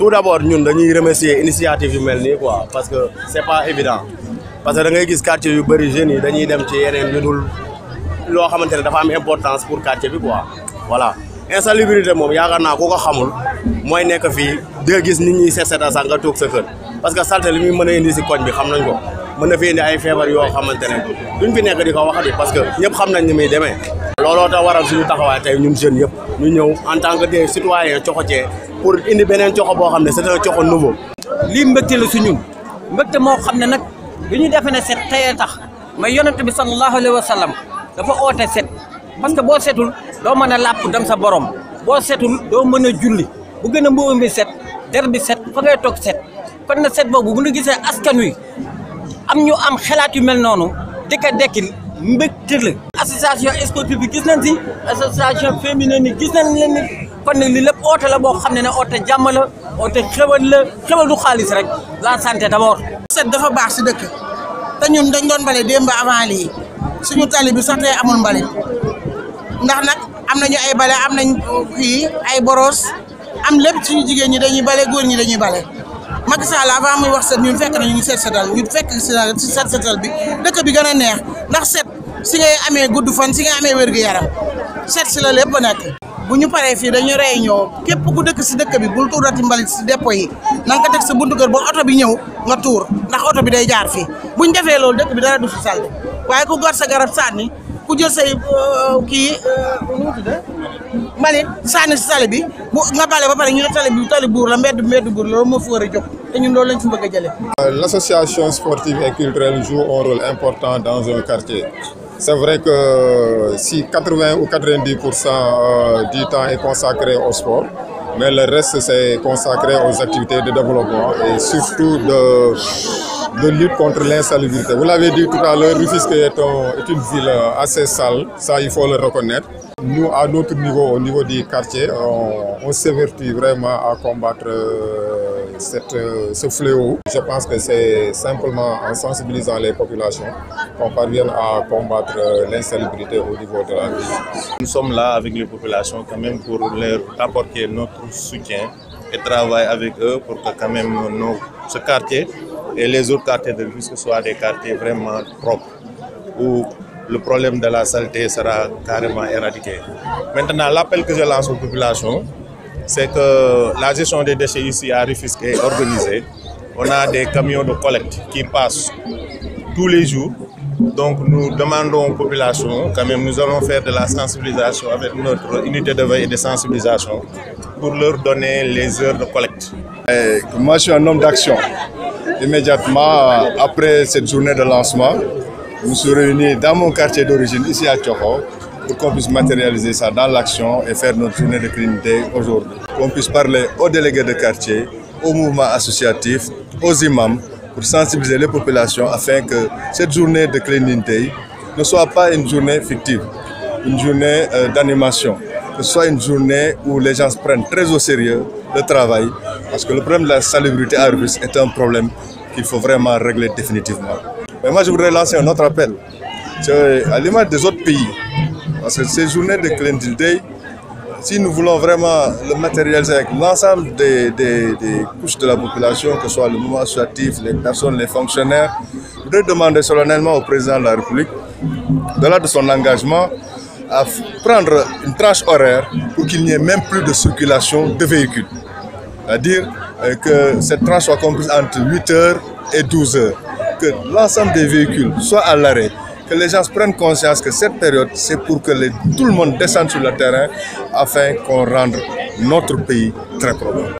tout d'abord ñun dañuy remercier initiative yu Melni quoi parce que c'est pas évident parce que da ngay gis quartier yu bëri jeunes yi dañuy dem ci yeneen ñu dul loo dafa am importance pour quartier bi quoi voilà insalubrité moom yaakaar naa ku ko xamul mooy nekk fii de gis nit ñi set set a sax nga toog sa kër parce que salte li muy mën a indi si koñ bi xam nañ ko mën na fi indi ay feebar yoo xamante ne duñ fi nekk di ko waxati parce que ñëpp xam nañ ni muy demee looloo tax waral suñu taxawaay tey ñun jeunes yëpp ñu ñëw en tant que des citoyens coxocee pour indi beneen coxo boo xam ne c'est un coxo nouveau lii mbégte la su ñun mbégte moo xam ne nag du ñu defe ne set tey tax mais yonent bi sallallahu alayhi wa sallam dafa oote set parce que boo setul doo mën a làpp dem sa borom boo setul doo mën a julli bu gën a mbuubu bi set der bi toog set kon na set boobu bu ñu gisee askan wi am ñu am xalaat yu mel noonu Deka Dekil mbégte la. association sportive bi gis nañ si association féminine yi gis nañ leen ni kon nag li lépp oote la boo xam ne ne jàmm la oote xéwal la xéwal du xaalis rek la santé d'abord. set dafa baax si dëkk te ñun dañ doon bale démb avant lii suñu tali bi sax tey amul mbale ndax nag am nañu ay bale am nañ kii ay boros am lépp suñu jigéen ñi dañuy bale góor ñi dañuy bale. Macky Sall avant muy wax set ñun fekk na ñu ngi seet setal ñu fekk ci set setal bi dekk bi gëna a neex ndax set si ngay amé guddu fan si ngay amé wér gu yaram set ci la lepp nekk bu ñu paré fi dañu réy ñoo képp ku dekk ci dekk bi tour tuurati mbalit ci dépôt yi na nga tek sa buntu kër bo auto bi ñew nga tour ndax auto bi day jaar fii buñ défé lool dekk bi dara du ci sall waye ku gor sa garab sanni ku jël say euh, ki euh, nu mu Euh, l'association sportive et culturelle joue un rôle important dans un quartier. C'est vrai que euh, si 80 ou 90 euh, du temps est consacré au sport, mais le reste c'est consacré aux activités de développement et surtout de de lutte contre l'insalubrité. Vous l'avez dit tout à l'heure, Rufisque est, une ville euh, assez sale, ça il faut le reconnaître. Nous, à notre niveau, au niveau du quartier, on, s'évertue vraiment à combattre euh, cette, euh, ce fléau. Je pense que c'est simplement en sensibilisant les populations qu'on parvient à combattre l'insalubrité au niveau de la ville. Nous sommes là avec les populations quand même pour leur apporter notre soutien et travailler avec eux pour que quand même nos, ce quartier et les autres quartiers de ville, que ce soit des quartiers vraiment propres, où le problème de la saleté sera carrément éradiqué. Maintenant, l'appel que je lance aux populations, c'est que la gestion des déchets ici à Rifus est organisée. On a des camions de collecte qui passent tous les jours. Donc nous demandons aux populations, quand même nous allons faire de la sensibilisation avec notre unité de veille et de sensibilisation pour leur donner les heures de collecte. moi je suis un homme d'action. Immédiatement euh, après cette journée de lancement, nous suis réunis dans mon quartier d'origine, ici à Tchoko, pour qu'on puisse matérialiser ça dans l'action et faire notre journée de Clean Day aujourd'hui. Qu'on puisse parler aux délégués de quartier, aux mouvements associatifs, aux imams, pour sensibiliser les populations afin que cette journée de Clean Day ne soit pas une journée fictive, une journée euh, d'animation, que ce soit une journée où les gens se prennent très au sérieux le travail parce que le problème de la salubrité à est un problème qu'il faut vraiment régler définitivement. Mais moi, je voudrais lancer un autre appel. À l'image des autres pays, parce que ces journées de Clean Day, si nous voulons vraiment le matérialiser avec l'ensemble des, couches de la population, que ce soit le mouvement associatif, les personnes, les fonctionnaires, je voudrais demander solennellement au président de la République, de là de son engagement, à prendre une tranche horaire pour qu'il n'y ait même plus de circulation de véhicules. C'est-à-dire euh, que cette tranche soit comprise entre 8h et 12h. Que l'ensemble des véhicules soient à l'arrêt. Que les gens prennent conscience que cette période, c'est pour que tout le monde descende sur le terrain afin qu'on rende notre pays très propre.